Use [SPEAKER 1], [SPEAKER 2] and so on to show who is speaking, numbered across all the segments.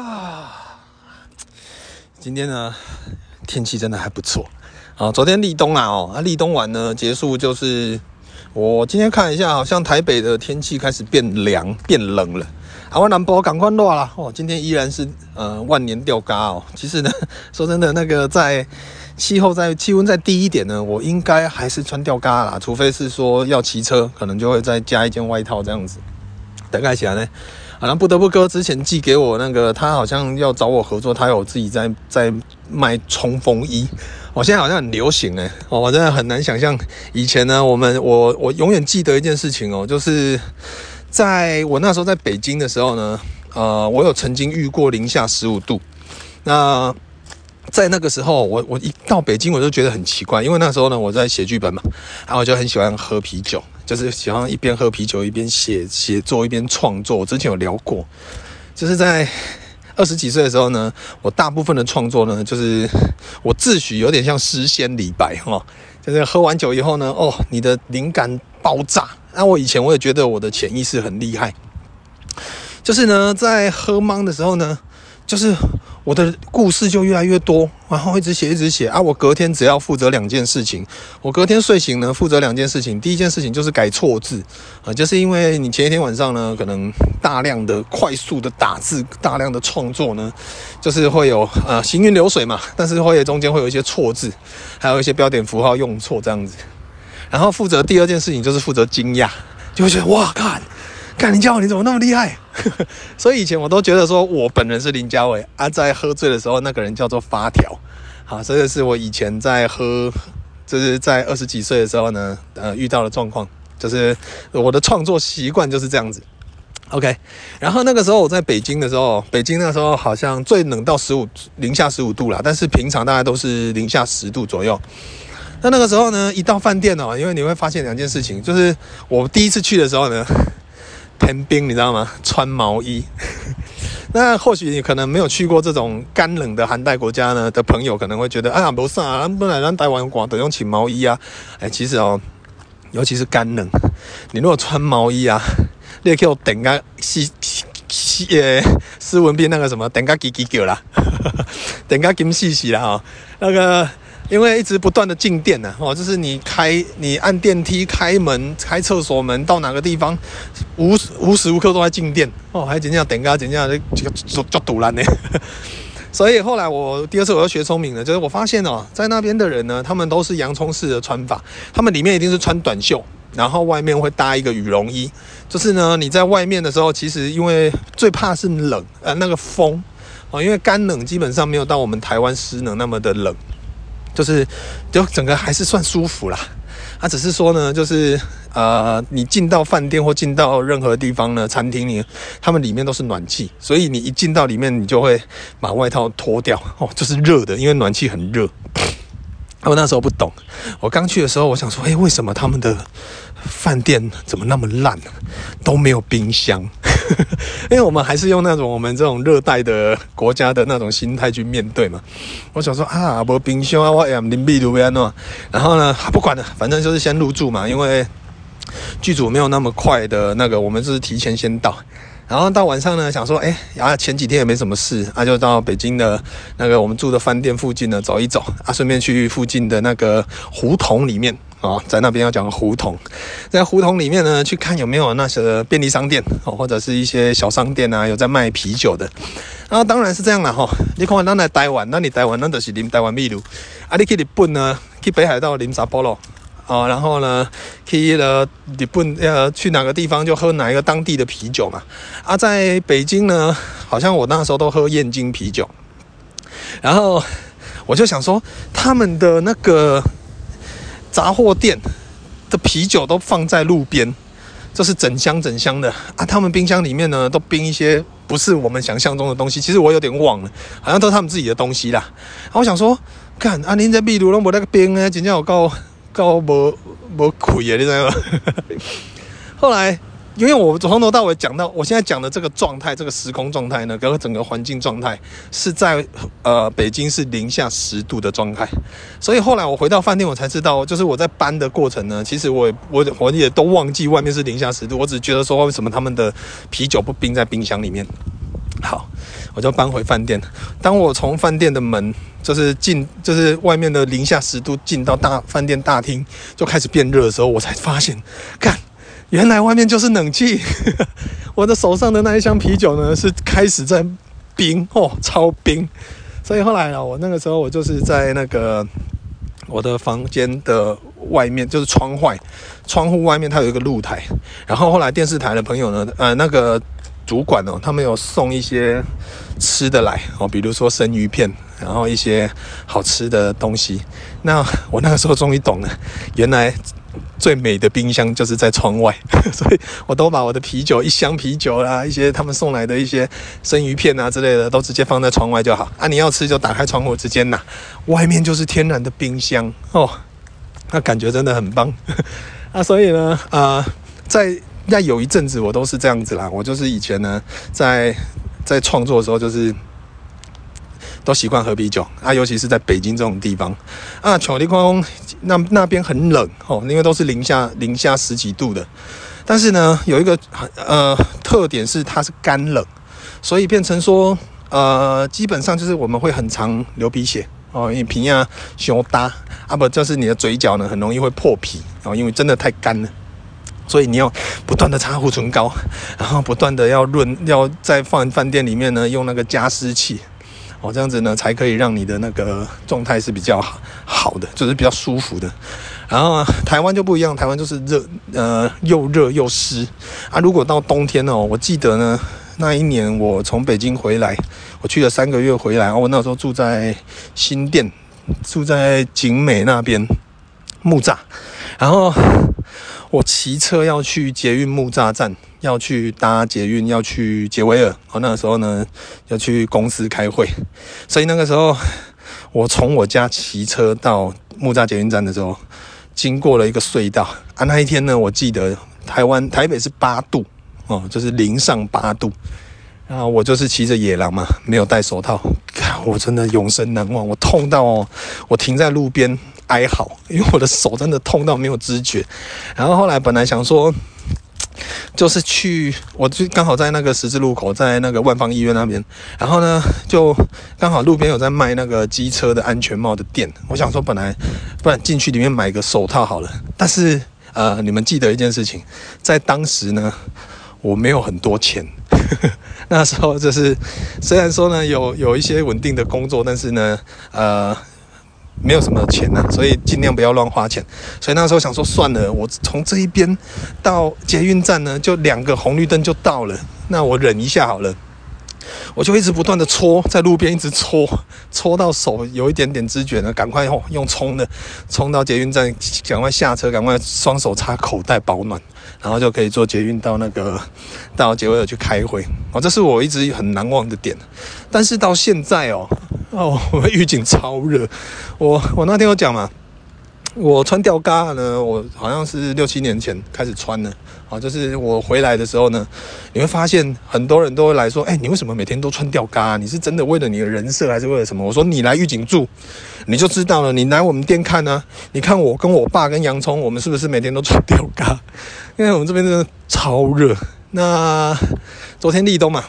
[SPEAKER 1] 啊，今天呢，天氣真的還不錯啊。昨天立冬啊，哦，啊、立冬完呢結束，就是我今天看一下，好像台北的天氣開始變涼、變冷了。台、啊、灣南部，趕快落了哦。今天依然是呃萬年吊嘎哦。其實呢，說真的，那個在氣候在氣溫再低一點呢，我應該還是穿吊嘎啦，除非是說要騎車，可能就會再加一件外套這樣子。大概一下呢。好像不得不哥之前寄給我那個，他好像要找我合作，他有自己在在賣衝鋒衣，我、哦、現在好像很流行哎、哦，我真的很難想象。以前呢，我們我我永遠記得一件事情哦，就是在我那時候在北京的時候呢，呃，我有曾經遇過零下十五度。那在那個時候，我我一到北京我就覺得很奇怪，因為那時候呢我在寫劇本嘛，然、啊、後我就很喜歡喝啤酒。就是喜歡一邊喝啤酒一邊寫寫作一邊創作。我之前有聊過，就是在二十幾歲的時候呢，我大部分的創作呢，就是我自詡有點像詩仙李白哈，就是喝完酒以後呢，哦，你的靈感爆炸。那、啊、我以前我也覺得我的潛意識很厲害，就是呢，在喝茫的時候呢。就是我的故事就越來越多，然後一直寫一直寫啊！我隔天只要負責兩件事情，我隔天睡醒呢負責兩件事情。第一件事情就是改錯字啊，呃，就是因為你前一天晚上呢可能大量的快速的打字，大量的創作呢，就是會有呃行雲流水嘛，但是會中間會有一些錯字，還有一些標點符號用錯這樣子。然後負責第二件事情就是負責驚訝，就會覺得哇靠！God, 看林家偉，你怎麼那麼厲害？ 所以以前我都覺得說，我本人是林家偉啊，在喝醉的時候，那個人叫做發條。好，這個是我以前在喝，就是在二十幾歲的時候呢，呃，遇到的狀況，就是我的創作習慣就是這樣子。OK，然後那個時候我在北京的時候，北京那個時候好像最冷到十五，零下十五度啦，但是平常大概都是零下十度左右。那那個時候呢，一到飯店哦，因為你會發現兩件事情，就是我第一次去的時候呢。天兵，你知道嗎？穿毛衣， 那或許你可能沒有去過這種乾冷的寒帶國家呢的朋友，可能會覺得啊，不算啊，本來咱台灣廣得用起毛衣啊，哎、欸，其實哦，尤其是乾冷，你如果穿毛衣啊，你也可以等下斯斯呃斯文彬那個什麼等下幾幾叫啦，等 下金喜喜啦哈、哦，那個。因為一直不斷的靜電啊，哦，就是你開你按電梯開門、開廁所門到哪個地方，無無時無刻都在靜電哦，還怎樣？怎樣？怎樣？就堵了呢。 所以後來我第二次我又學聰明了，就是我發現哦，在那邊的人呢，他們都是洋蔥式的穿法，他們裡面一定是穿短袖，然後外面會搭一個羽絨衣。就是呢，你在外面的時候，其實因為最怕是冷，呃，那個風哦，因為乾冷基本上沒有到我們台灣濕冷那麼的冷。就是，就整個還是算舒服啦。啊，只是說呢，就是呃，你進到飯店或進到任何地方呢，餐廳裡，他們裡面都是暖氣，所以你一進到裡面，你就會把外套脫掉哦，就是熱的，因為暖氣很熱。我那時候不懂，我剛去的時候，我想說，誒，為什麼他們的飯店怎麼那麼爛啊，都沒有冰箱？ 因為我們還是用那種我們這種熱帶的國家的那種心態去面對嘛。我想說啊，我冰箱啊，Y M 林碧茹安諾，然後呢，啊，不管了，反正就是先入住嘛。因為劇組沒有那麼快的那個，我們就是提前先到。然後到晚上呢，想說，哎，啊前幾天也沒什麼事，啊就到北京的那個我們住的飯店附近呢走一走，啊順便去附近的那個胡同裡面。啊、哦，在那邊要講胡同，在胡同裡面呢，去看有沒有那些便利商店哦，或者是一些小商店啊，有在賣啤酒的。那、啊、當然是這樣了吼、哦，你看，咱來台灣，那你台灣，那就是飲台灣秘魯。啊，你去日本呢，去北海道飲札幌。啊，然後呢，去了日本，呃，去哪個地方就喝哪一個當地的啤酒嘛、啊。啊，在北京呢，好像我那時候都喝燕京啤酒。然後我就想說，他們的那個。雜貨店的啤酒都放在路邊，這是整箱整箱的啊！他們冰箱裡面呢，都冰一些不是我們想象中的東西。其實我有點忘了，好像都是他們自己的東西啦。啊，我想說，看啊，您這秘魯人無那個冰呢，真正有夠夠無無氣啊！你知道嗎？後來。因為我從頭到尾講到，我現在講的這個狀態，這個時空狀態呢，跟整個環境狀態是在呃北京是零下十度的狀態，所以後來我回到飯店，我才知道，就是我在搬的過程呢，其實我我我也都忘記外面是零下十度，我只覺得說為什麼他們的啤酒不冰在冰箱裡面。好，我就搬回飯店。當我從飯店的門就是進，就是外面的零下十度進到大飯店大廳就開始變熱的時候，我才發現，幹。原來外面就是冷氣， 我的手上的那一箱啤酒呢，是開始在冰哦，超冰，所以後來呢，啊，我那個時候我就是在那個我的房間的外面，就是窗外，窗戶外面它有一個露台，然後後來電視台的朋友呢，呃，那個主管哦，他們有送一些吃的來哦，比如說生魚片，然後一些好吃的東西，那我那個時候終於懂了，原來。最美的冰箱就是在窗外，所以我都把我的啤酒，一箱啤酒啊，一些他們送來的一些生魚片啊之類的，都直接放在窗外就好。啊，你要吃就打開窗戶直接拿，外面就是天然的冰箱哦，那，啊，感覺真的很棒啊！所以呢，呃，在在有一陣子我都是這樣子啦，我就是以前呢，在在創作的時候就是。都習慣喝啤酒啊，尤其是在北京這種地方啊。巧克力工那那邊很冷哦，因為都是零下零下十幾度的。但是呢，有一個呃特點是它是乾冷，所以變成說呃基本上就是我們會很常流鼻血哦，因為皮啊、熊搭啊不，就是你的嘴角呢很容易會破皮哦，因為真的太乾了，所以你要不斷的擦護唇膏，然後不斷的要潤，要在飯飯店裡面呢用那個加濕器。哦，這樣子呢，才可以讓你的那個狀態是比較好的，就是比較舒服的。然後啊，台灣就不一樣，台灣就是熱，呃，又熱又濕啊。如果到冬天哦，我記得呢，那一年我從北京回來，我去了三個月回來，哦，我那時候住在新店，住在景美那邊，木柵，然後。我騎車要去捷運木柵站，要去搭捷運，要去捷威爾。我那個時候呢，要去公司開會，所以那個時候我從我家騎車到木柵捷運站的時候，經過了一個隧道。啊，那一天呢，我記得台灣台北是八度哦，就是零上八度。然後我就是騎着野狼嘛，沒有戴手套，我真的永生難忘。我痛到哦，我停在路邊。還好，因為我的手真的痛到沒有知覺。然後後來本來想說，就是去，我就剛好在那個十字路口，在那個萬方醫院那邊。然後呢，就剛好路邊有在賣那個機車的安全帽的店。我想說，本來不然進去裡面買個手套好了。但是呃，你們記得一件事情，在當時呢，我沒有很多錢。 那時候就是，雖然說呢有有一些穩定的工作，但是呢，呃。沒有什麼錢呢、啊，所以盡量不要亂花錢。所以那時候想說算了，我從這一邊到捷運站呢，就兩個紅綠燈就到了。那我忍一下好了，我就一直不斷的搓，在路邊一直搓，搓到手有一點點知覺了，趕快、哦、用衝的衝到捷運站，趕快下車，趕快雙手插口袋保暖，然後就可以坐捷運到那個到傑威爾去開會。哦，這是我一直很難忘的點，但是到現在哦。哦、oh，我們玉井超熱，我我那天有講嘛，我穿吊嘎呢，我好像是六七年前開始穿的啊，就是我回來的時候呢，你會發現很多人都會來說，哎、欸，你為什麼每天都穿吊嘎啊？你是真的為了你的人設，還是為了什麼？我說你來玉井住，你就知道了。你來我們店看呢，啊，你看我跟我爸跟洋蔥，我們是不是每天都穿吊嘎？因為我們這邊真的超熱。那昨天立冬嘛。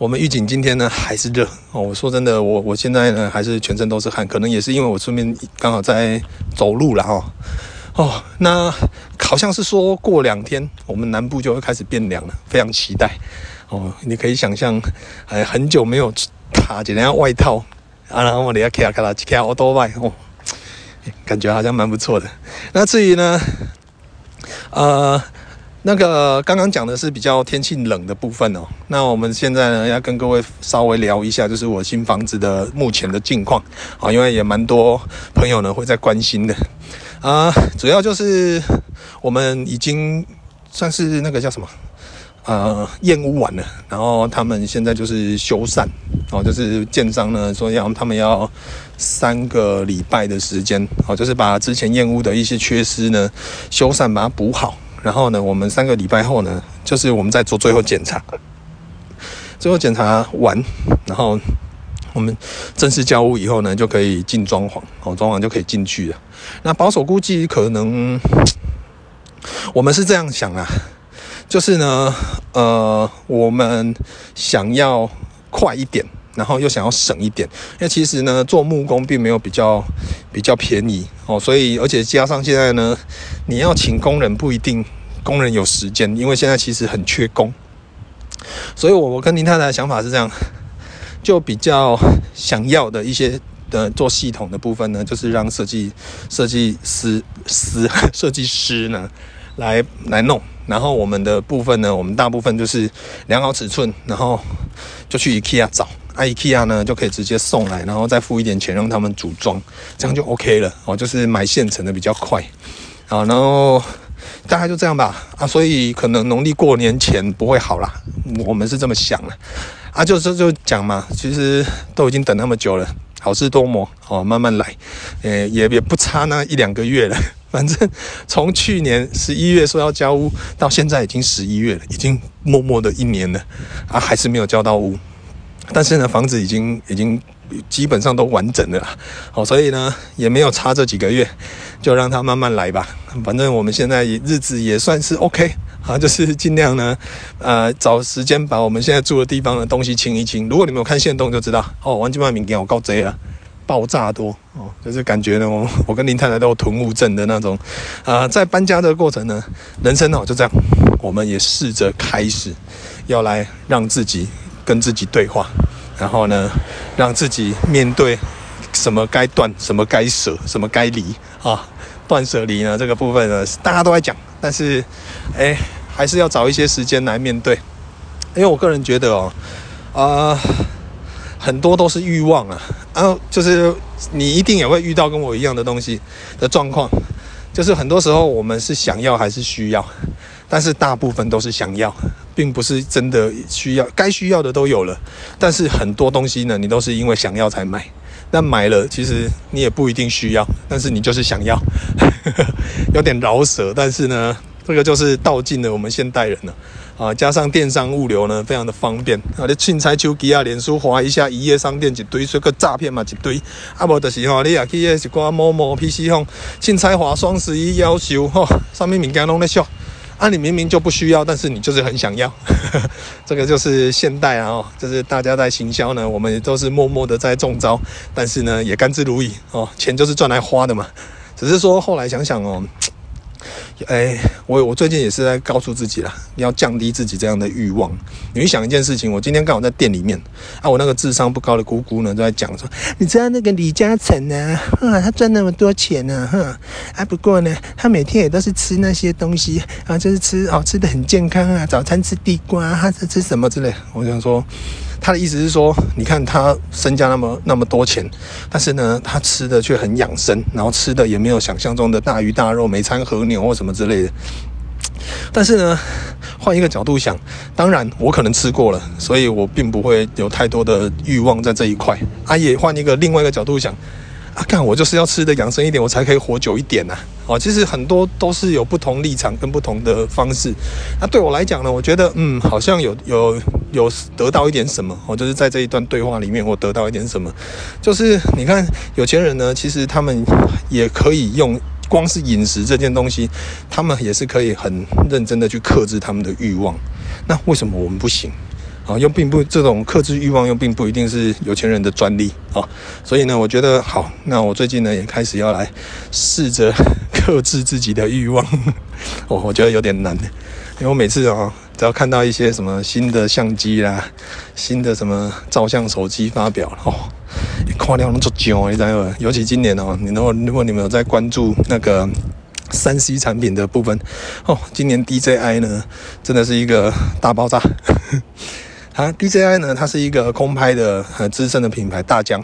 [SPEAKER 1] 我們預警今天呢還是熱哦，我說真的，我我現在呢還是全身都是汗，可能也是因為我順便剛好在走路了哈哦，哦，那好像是說過兩天我們南部就會開始變涼了，非常期待哦。你可以想象，哎，很久沒有搭一件外套，啊，然後我底下 k 開啦，開好多麥哦，感覺好像蠻不錯的。那至於呢，啊、呃。那個剛剛講的是比較天氣冷的部分哦。那我們現在呢，要跟各位稍微聊一下，就是我新房子的目前的近況。好、哦，因為也蠻多朋友呢會在關心的啊、呃。主要就是我們已經算是那個叫什麼呃，驗屋完了。然後他們現在就是修繕，哦，就是建商呢說要他們要三個禮拜的時間，哦，就是把之前驗屋的一些缺失呢修繕，把它補好。然後呢，我們三個禮拜後呢，就是我們在做最後檢查。最後檢查完，然後我們正式交屋以後呢，就可以進裝潢。好、哦，裝潢就可以進去了。那保守估計可能，我們是這樣想啊，就是呢，呃，我們想要快一點，然後又想要省一點，因為其實呢，做木工並沒有比較。比較便宜哦，所以而且加上現在呢，你要請工人不一定工人有時間，因為現在其實很缺工，所以我我跟林太太的想法是這樣，就比較想要的一些的做系統的部分呢，就是讓設計設計師師設計師呢來來弄，然後我們的部分呢，我們大部分就是量好尺寸，然後就去 IKEA 找。IKEA 呢就可以直接送來，然後再付一點錢讓他們組裝，這樣就 OK 了哦。就是買現成的比較快。啊，然後大概就這樣吧。啊，所以可能農曆過年前不會好啦，我們是這麼想的，啊。啊，就是就，就講嘛，其實都已經等那麼久了，好事多磨哦，慢慢來。呃，也也不差那一兩個月了。反正從去年十一月說要交屋，到現在已經十一月了，已經默默的一年了，啊，還是沒有交到屋。但是呢，房子已經已經基本上都完整了啦，好、哦，所以呢也沒有差這幾個月，就讓它慢慢來吧。反正我們現在日子也算是 OK 啊，就是盡量呢，呃，找時間把我們現在住的地方的東西清一清。如果你們有看限動就知道，哦，王家明給我告賊了，爆炸多哦，就是感覺呢，我我跟林太太都有囤物症的那種啊、呃。在搬家的過程呢，人生呢就這樣，我們也試着開始要來讓自己。跟自己對話，然後呢，讓自己面對什麼該斷、什麼該舍、什麼該離啊？斷舍離呢這個部分呢，大家都在講，但是，哎，還是要找一些時間來面對。因為我個人覺得哦，呃，很多都是慾望啊，然後，啊，就是你一定也會遇到跟我一樣的東西的狀況，就是很多時候我們是想要還是需要，但是大部分都是想要。並不是真的需要，該需要的都有了。但是很多東西呢，你都是因為想要才買。那買了，其實你也不一定需要，但是你就是想要， 有點饒舌，但是呢，這個就是道盡了我們現代人了啊！加上電商物流呢，非常的方便啊！你凊彩手機啊，臉書划一下，一夜商店一堆這個詐騙嘛一堆。啊，無就是吼、啊，你啊去一是一寡某某 PC 上，凊彩划雙十一要求吼，啥物物件攏在俗。啊，你明明就不需要，但是你就是很想要， 這個就是現代啊，就是大家在行銷呢，我們也都是默默的在中招，但是呢，也甘之如飴哦，錢就是賺來花的嘛，只是說後來想想哦。哎、欸，我我最近也是在告訴自己啦，要降低自己這樣的慾望。你去想一件事情，我今天剛好在店裡面，啊，我那個智商不高的姑姑呢，都在講說，你知道那個李嘉誠啊，啊，他賺那麼多錢呢，哼，啊，不過呢，他每天也都是吃那些東西啊，就是吃好、哦、吃得很健康啊，早餐吃地瓜，他是吃什麼之類。我想說。他的意思是說，你看他身家那麼那麼多錢，但是呢，他吃的卻很養生，然後吃的也沒有想象中的大魚大肉，每餐和牛或什麼之類的。但是呢，換一個角度想，當然我可能吃過了，所以我並不會有太多的欲望在這一塊。啊，也換一個另外一個角度想。啊，幹我就是要吃得養生一點，我才可以活久一點吶。哦，其實很多都是有不同立場跟不同的方式。那對我來講呢，我覺得嗯，好像有有有得到一點什麼哦，就是在這一段對話裡面，我得到一點什麼，就是你看有錢人呢，其實他們也可以用光是飲食這件東西，他們也是可以很認真的去克制他們的慾望。那為什麼我們不行？又並不這種克制慾望，又並不一定是有錢人的專利啊、哦。所以呢，我覺得好，那我最近呢也開始要來試着克制自己的慾望。我、哦、我覺得有點難，因為我每次哦，只要看到一些什麼新的相機啦、新的什麼照相手機發表哦，一誇到那麼久你知道嗎？尤其今年哦，你如果如果你們有在關注那個三 C 產品的部分哦，今年 DJI 呢真的是一個大爆炸。呵呵啊，D J I 呢，它是一個空拍的很資深的品牌大疆，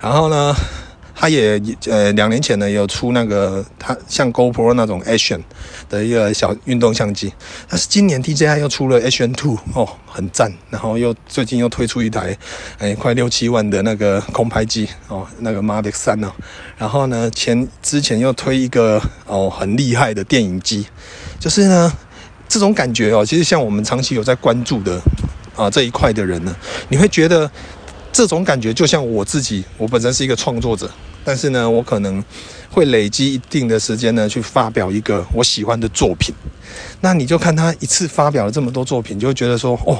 [SPEAKER 1] 然後呢，它也呃兩年前呢有出那個它像 Go Pro 那種 Action 的一個小運動相機，但是今年 D J I 又出了 Action Two 哦，很讚，然後又最近又推出一台誒、欸、快六七萬的那個空拍機哦，那個 Mavic 3哦，然後呢前之前又推一個哦很厲害的電影機，就是呢這種感覺哦，其實像我們長期有在關注的。啊，這一塊的人呢，你會覺得這種感覺就像我自己，我本身是一個創作者，但是呢，我可能會累積一定的時間呢，去發表一個我喜歡的作品。那你就看他一次發表了這麼多作品，就會覺得說，哦，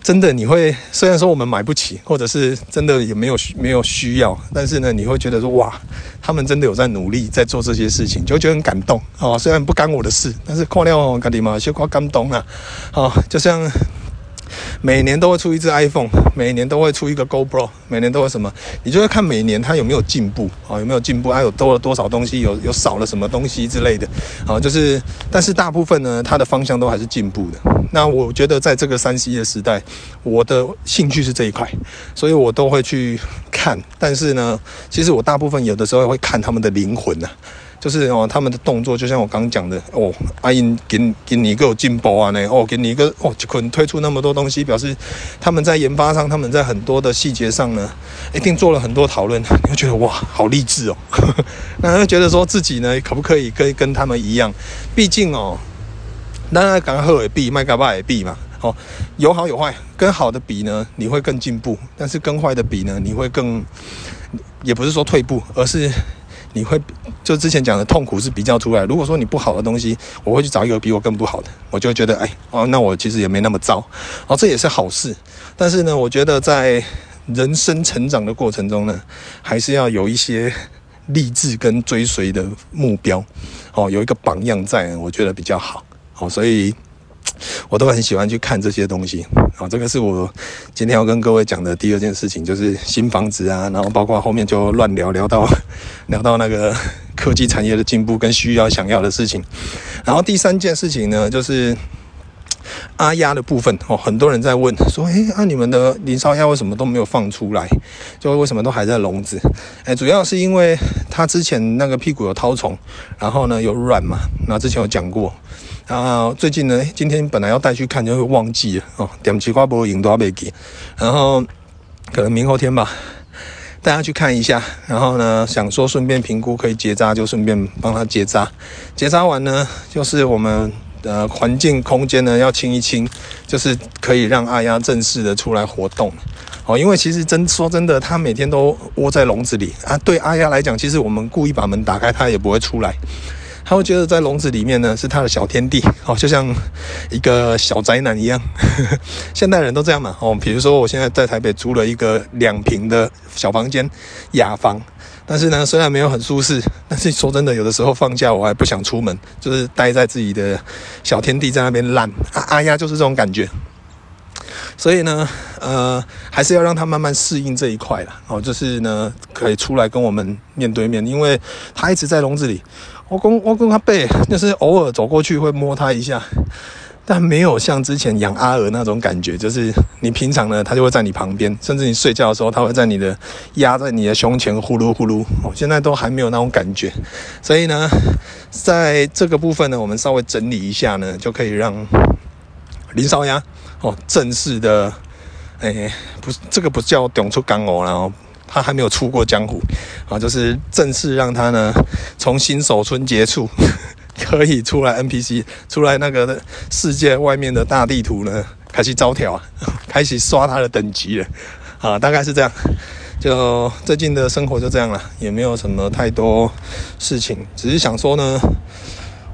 [SPEAKER 1] 真的你會，雖然說我們買不起，或者是真的也沒有沒有需要，但是呢，你會覺得說，哇，他們真的有在努力，在做這些事情，就會覺得很感動啊、哦。雖然不干我的事，但是看了哦，肯定嘛，就感感動啊。啊、哦，就像。每年都會出一支 iPhone，每年都會出一個 GoPro，每年都會什麼？你就會看每年它有沒有進步啊，有沒有進步，它有多了多少東西，有有少了什麼東西之類的啊。就是，但是大部分呢，它的方向都還是進步的。那我覺得在這個三 C 的時代，我的興趣是這一塊，所以我都會去看。但是呢，其實我大部分有的時候會看他們的靈魂呢、啊。就是哦，他們的動作就像我剛剛講的哦，阿英給給你一個進步啊，那哦，給你一個哦，就可能推出那麼多東西，表示他們在研發上，他們在很多的細節上呢，一定做了很多討論。你會覺得哇，好勵志哦，呵呵那他覺得說自己呢，可不可以跟跟他們一樣？畢竟哦，拿來敢喝也閉賣個巴也閉嘛。哦，有好有壞，跟好的比呢，你會更進步；但是跟壞的比呢，你會更，也不是說退步，而是。你會就之前講的痛苦是比較出來，如果說你不好的東西，我會去找一個比我更不好的，我就會覺得哎哦，那我其實也沒那麼糟。哦，這也是好事。但是呢，我覺得在人生成長的過程中呢，還是要有一些勵志跟追隨的目標，哦，有一個榜樣在，我覺得比較好，哦，所以。我都很喜歡去看這些東西，啊，這個是我今天要跟各位講的第二件事情，就是新房子啊，然後包括後面就亂聊聊到聊到那個科技產業的進步跟需要想要的事情，然後第三件事情呢就是。阿鴨的部分哦，很多人在問，說，欸，那你們的林燒鴨為什麼都沒有放出來？就為什麼都還在籠子？欸，主要是因為他之前那個屁股有絛蟲，然後呢有卵嘛，那之前有講過。然後，啊，最近呢，今天本來要帶去看，就會忘記了哦，點擊怪波都要被給，然後可能明後天吧，帶他去看一下。然後呢，想說順便評估可以結紮，就順便幫他結紮。結紮完呢，就是我們。呃，環境空間呢要清一清，就是可以讓阿丫正式的出來活動，哦，因為其實真說真的，它每天都窩在籠子裡啊。對阿丫來講，其實我們故意把門打開，它也不會出來，它會覺得在籠子裡面呢是它的小天地，哦，就像一個小宅男一樣，呵呵，現代人都這樣嘛，哦，比如說我現在在台北租了一個兩坪的小房間，雅房。但是呢，雖然沒有很舒適，但是說真的，有的時候放假我還不想出門，就是待在自己的小天地，在那邊爛啊啊呀，就是這種感覺。所以呢，呃，還是要讓它慢慢適應這一塊了哦，就是呢，可以出來跟我們面對面，因為它一直在籠子裡。我跟我跟他背，就是偶爾走過去會摸它一下。但沒有像之前養阿鵝那種感覺，就是你平常呢，它就會在你旁邊，甚至你睡覺的時候，它會在你的壓在你的胸前呼嚕呼嚕。哦，現在都還沒有那種感覺，所以呢，在這個部分呢，我們稍微整理一下呢，就可以讓林燒鴨哦正式的，哎、欸，不是這個不叫重出江湖，然後他還沒有出過江湖啊，就是正式讓他呢從新手村接觸可以出來 NPC，出來那個世界外面的大地圖呢，開始招條，開始刷它的等級了，啊，大概是這樣。就最近的生活就這樣了，也沒有什麼太多事情，只是想說呢，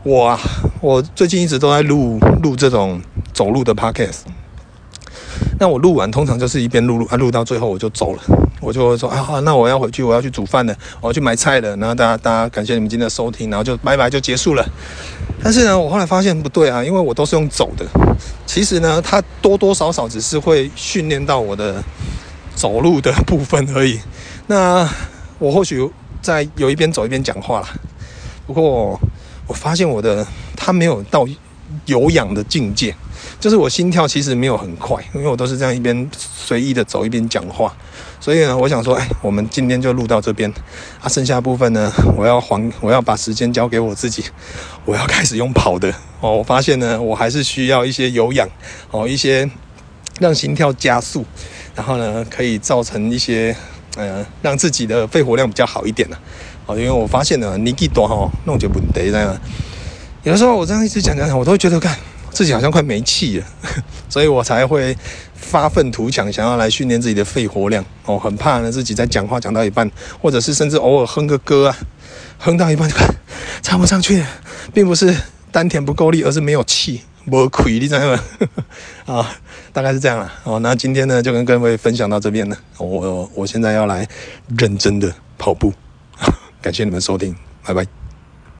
[SPEAKER 1] 我啊，我最近一直都在錄錄這種走路的 podcast。那我錄完，通常就是一邊錄錄啊，錄到最後我就走了，我就會說啊，那我要回去，我要去煮飯了，我要去買菜了。然後大家，大家感謝你們今天的收聽，然後就拜拜，就結束了。但是呢，我後來發現不對啊，因為我都是用走的，其實呢，它多多少少只是會訓練到我的走路的部分而已。那我或許在有一邊走一邊講話啦，不過我發現我的它沒有到有氧的境界。就是我心跳其實沒有很快，因為我都是這樣一邊隨意的走一邊講話，所以呢，我想說，哎，我們今天就錄到這邊，啊，剩下部分呢，我要還，我要把時間交給我自己，我要開始用跑的哦，我發現呢，我還是需要一些有氧哦，一些讓心跳加速，然後呢，可以造成一些，呃，讓自己的肺活量比較好一點了，哦，因為我發現呢，年紀短哦，弄就不題的，有的時候我這樣一直講講講，我都會覺得看。自己好像快沒氣了，所以我才會發憤圖強，想要來訓練自己的肺活量哦。我很怕呢，自己在講話講到一半，或者是甚至偶爾哼個歌啊，哼到一半就快唱不上去了，並不是丹田不夠力，而是沒有氣，沒氣，你知道嗎？啊，大概是這樣了哦。那今天呢，就跟各位分享到這邊了。我我現在要來認真的跑步，感謝你們收聽，拜拜。